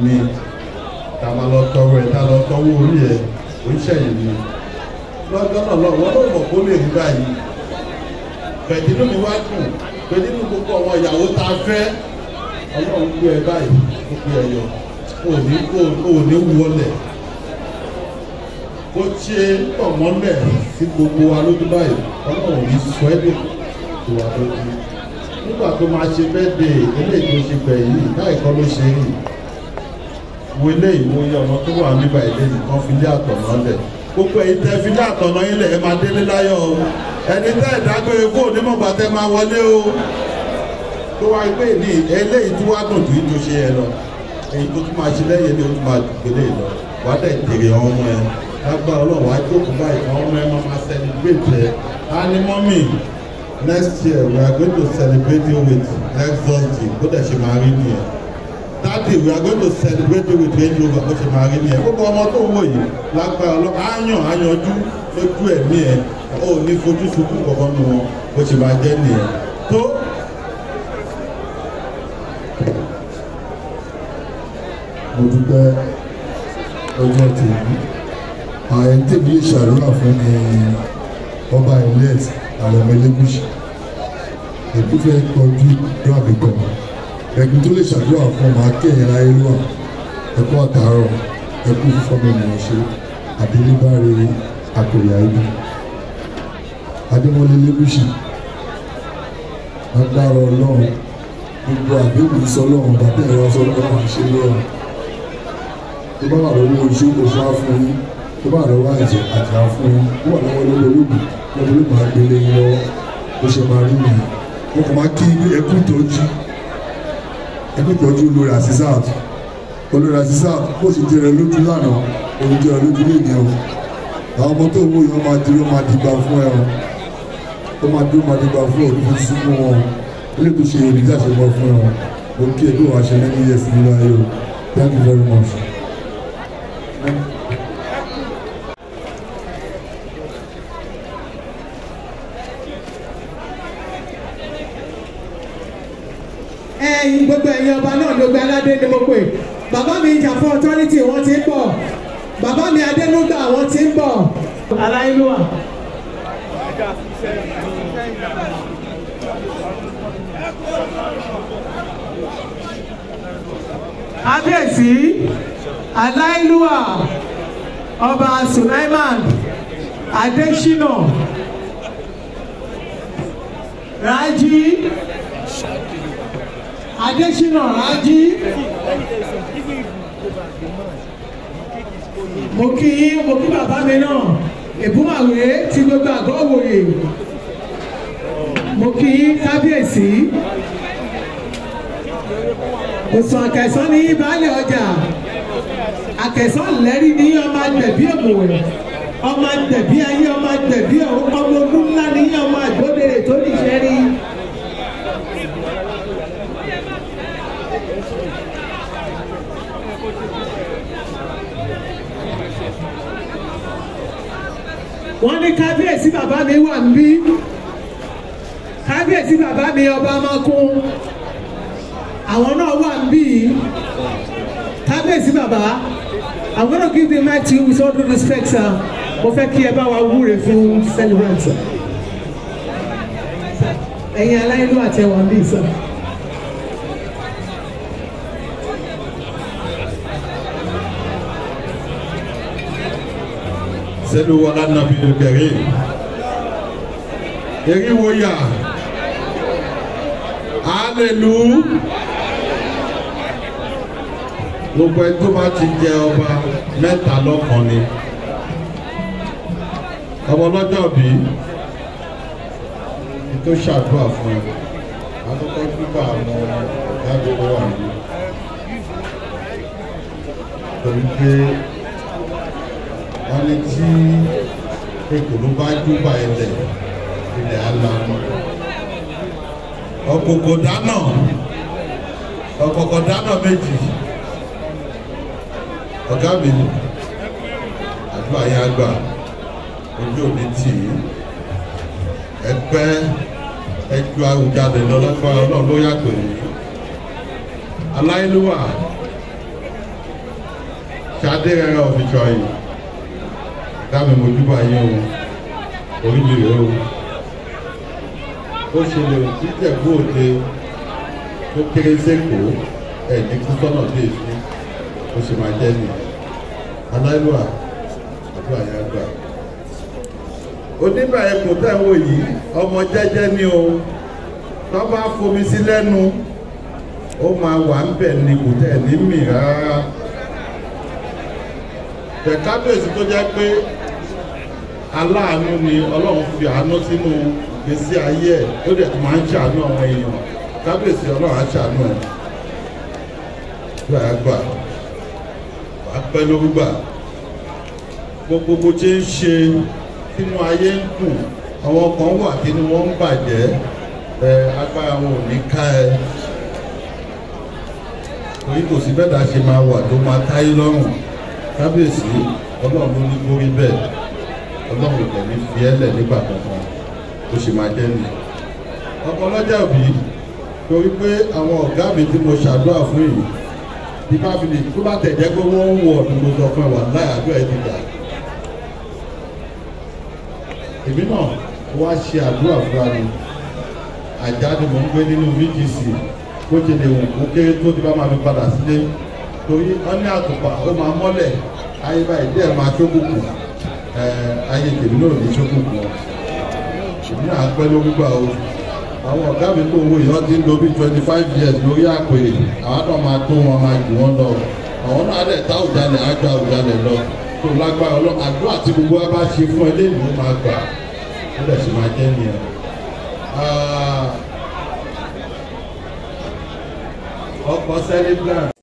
mi ká máa lọ tọrọ ẹ̀ ká lọ tọwọ́ orí ẹ̀ ó ń ṣẹ̀yìn mi lọ́jọ́ náà lọ wọ́n ló mọ̀ kó lè rí báyìí pẹ̀lú mi wá dùn pẹ̀lú gbogbo àwọn ìyàwó tá a fẹ́ ọlọ́run gbé ẹ báyìí ó gbé ẹ yọ òní òní wọlé kó ṣe ọmọlẹ sí gbogbo wa lójú báyìí ọlọ́run yìí sọ ẹ́ dùn ìwà lójú nígbà tó máa ṣe bẹ́ẹ̀dẹ̀ ilé ìjọ ṣe gbẹ̀yìn báyìí kọ́ ló ṣe yìí wo ilé ìwòye ọmọ tó wà níbà ilé nìkan fi lé àtọ̀nà lẹ̀ gbogbo ẹ̀yin tẹ́ fi lé àtọ̀nà yín lẹ̀ ẹ máa délé láyọ̀ o ẹni tẹ́ ìdágbére fún onímọ̀gbà tẹ́ máa wọlé o tó wá gbé ní eléyìí tó wá dùn tó ìjọ ṣe yẹn lọ èyí tó tún máa ṣe lẹ́yìn ilé tó máa gbélé lọ wàá dẹ̀ jèrè àwọn ọmọ yẹn next year we are going to celebrate you with exhaust jeep bó dẹ̀ we are going to celebrate you with range rover bó ṣe máa rí nìyẹn gbogbo ọmọ tó ń wò yìí lágbára ọlọ́run áyàn áyanjú lójú ẹ̀mí ẹ̀ ó ní fojú sunkún kankan nu wọn bó ṣe máa jẹ́ nìyẹn tó. mo dúpẹ́ ọjọ́ tèmi àyẹ̀ntèmi ìṣàdúrà fún mi ọba ìlú Àrẹ̀mọ Elégùṣì ètò fẹ́ tọ́jú dúràbí kan ẹ̀kú tó lè ṣàdúrà fún ọmọ akẹ́yìn láyé lúwà ẹ̀kú àtàárọ̀ ẹ̀kú fífọ́mọ ènìyàn ṣe àdélébáre àkòyà ibi Adémọ́lé Elégùṣì agbára ọlọ́run gbogbo àgbéwò sọlọ́run bàbá ẹ̀rọ sọlọ́run àṣeyọrọ tó bá wà lọ́wọ́ oṣù oṣù á fún yín tó bá lọ́wọ́ àjẹ àjẹ á fún yín wọ́n lọ́wọ́ lọ́wọ́ olóògùn pẹ̀lú ìmọ̀ àgbélé lọ bó ṣe máa rí nìyí mo kí ẹkú tọ́jú ẹkú tọ́jú olórí àṣìṣàt olórí àṣìṣàt bó ṣe jẹrẹ lójú lánàá òun jẹrẹ lójú lónìí o àwọn ọmọ tó wọ yìí wọn máa dúró máa dìgbà fún ẹ o wọn máa dúró máa dìgbà fún ẹ òun fún sí tó ṣe èròjà ṣe bọ fún ẹ o mo kí ẹgbẹ́ wa ṣe lẹ́nu yẹ̀sìn nílá yìí o thank you very much. Thank you. ẹ̀yin gbogbo ẹ̀yin ọba náà ló gbé aládé ni mo pè bàbá mi ìjà fún authority wọ́n ti ń bọ̀ bàbá mi adénúgà wọ́n ti ń bọ̀ aláìlúwà. kábíyèsí aláìlúwà ọba Sulaiman Adésínà Raji. Adésínà Rájí mo kí yín mo kí bàbá mi náà èbúmàwé ti gbogbo àgọ́ òwòye mo kí yín kábíyèsí òsàn àkẹsàn ní baálé ọjà àkẹsàn lẹ́rí ní ọmọ àgbẹ̀bí òmùwẹ̀ ọmọ àgbẹ̀bí ayé ọmọ àgbẹ̀bí ọmọ ogun ńlá ní ọmọ àgbọ̀dẹ̀rẹ̀ tó níṣẹ́ rí wọ́n ní kábíyèsí bàbá mi wà ń bí kábíyèsí bàbá mi ọba amakun àwọn náà wà ń bí kábíyèsí bàbá I'm to give the mic to you with all due respect sir mo fẹ́ kí ẹ bá wa wúre fún celebrant ẹ̀yin aláìlú àtẹwà ń bí sir. صلوا على النبي الكريم هللويا hallelujah gbogbo ẹni tó bá ti jẹ ọba mẹ́ta lọ́kàn ni ọmọ ọlọ́jọ́ bí tó ṣàdúrà fún ẹ akọ́kọ́ dúpọ̀ àwọn ìdájọ́ wà ní torí pé wọ́n ní tí ekòló bá júbà ilẹ̀ ilẹ̀ alanu ọ̀kòkò dáná ọ̀kòkò dáná méjì ọ̀gá mi àdúrà yá gbà ojú òní tì í ẹgbẹ́ ẹjọ́ àwùjalè lọ́lọ́gbà ọlọ́run ló yàgbẹ́ aláìlúwà ṣadé rẹ̀ ọ̀fìjọ́ yìí. dáàmì mojúbà yín o oríyìn o ó ṣẹlẹ̀ òtí jẹ̀bú òde tó kéré sẹ́kọ̀ọ́ ẹ̀ẹ́dín fún sọ́nà dé fún ó sì máa jẹ́ nìyẹn aláìlúwà àdúrà yẹn gbà oníbà ẹkùn tẹ̀ wò yìí ọmọ jẹ́jẹ́ ni o bá fomi sí lẹ́nu ó ní rárá. bẹ̀ kábíyèsí tó jẹ́ pé aláàánú ni ọlọ́run fi àánú sínú gbèsè ayé ẹ̀ ó dẹ̀ tó máa ń ṣàánú àwọn èèyàn kábíyèsí ọlọ́run á ṣàánú ẹ̀ gbà á gbà á pẹ́ lórúgbà gbogbo tí ń ṣe tínú ayé ń dùn àwọn kan wà tínú wọn ń bàjẹ́ ẹ agbára wọn ò ní ká ẹ torí kò sí bẹ́ẹ̀ dá ṣe máa wà tó máa táyé lọ́rùn kábíyèsí ọlọ́run ló ní borí bẹ́ẹ̀ ọlọ́run kò ní fi ẹ́lẹ̀ nígbà kankan ó sì máa jẹ́ nìyẹn. ọkọ ọlọ́jà òbí torí pé àwọn ọ̀gá mi tí mo ṣàdúrà fún yìí bí bá fi lè tó bá tẹ̀jẹ́ pé wọ́n ń wọ ọdún mo sọ fún ẹ wà láì àdúrà ẹ ti gbà. èmi náà wá ṣe àdúrà fúnra mi àjá ni mò ń gbé nínú vgc bó ṣe lè wù kó kéré tó ti bá máa fi padà sílé torí wọ́n ní àtùpà ó máa mọ́lẹ̀ ayé báyìí díẹ̀ máa ṣókùnkùn ayé tèmi náà ní ṣókùnkùn ní àpẹ ló gbígbà o àwọn ọ̀gá mi kó owó ìyọ́ ti ń lo bí twenty five years lórí àpèrè àwọn náà máa tó wọn máa jù wọ́n lọ àwọn náà dẹ̀ tá òjàlẹ̀ àjọ àwùjalẹ̀ lọ tó lágbára ọlọ́ àdúrà àti gbogbo wa bá ṣe fún ẹ lẹ́nu máa gbà ó dẹ̀ sì máa jẹ́ nìyẹn. Ah, ọkọ̀ sẹ́lẹ̀ plan.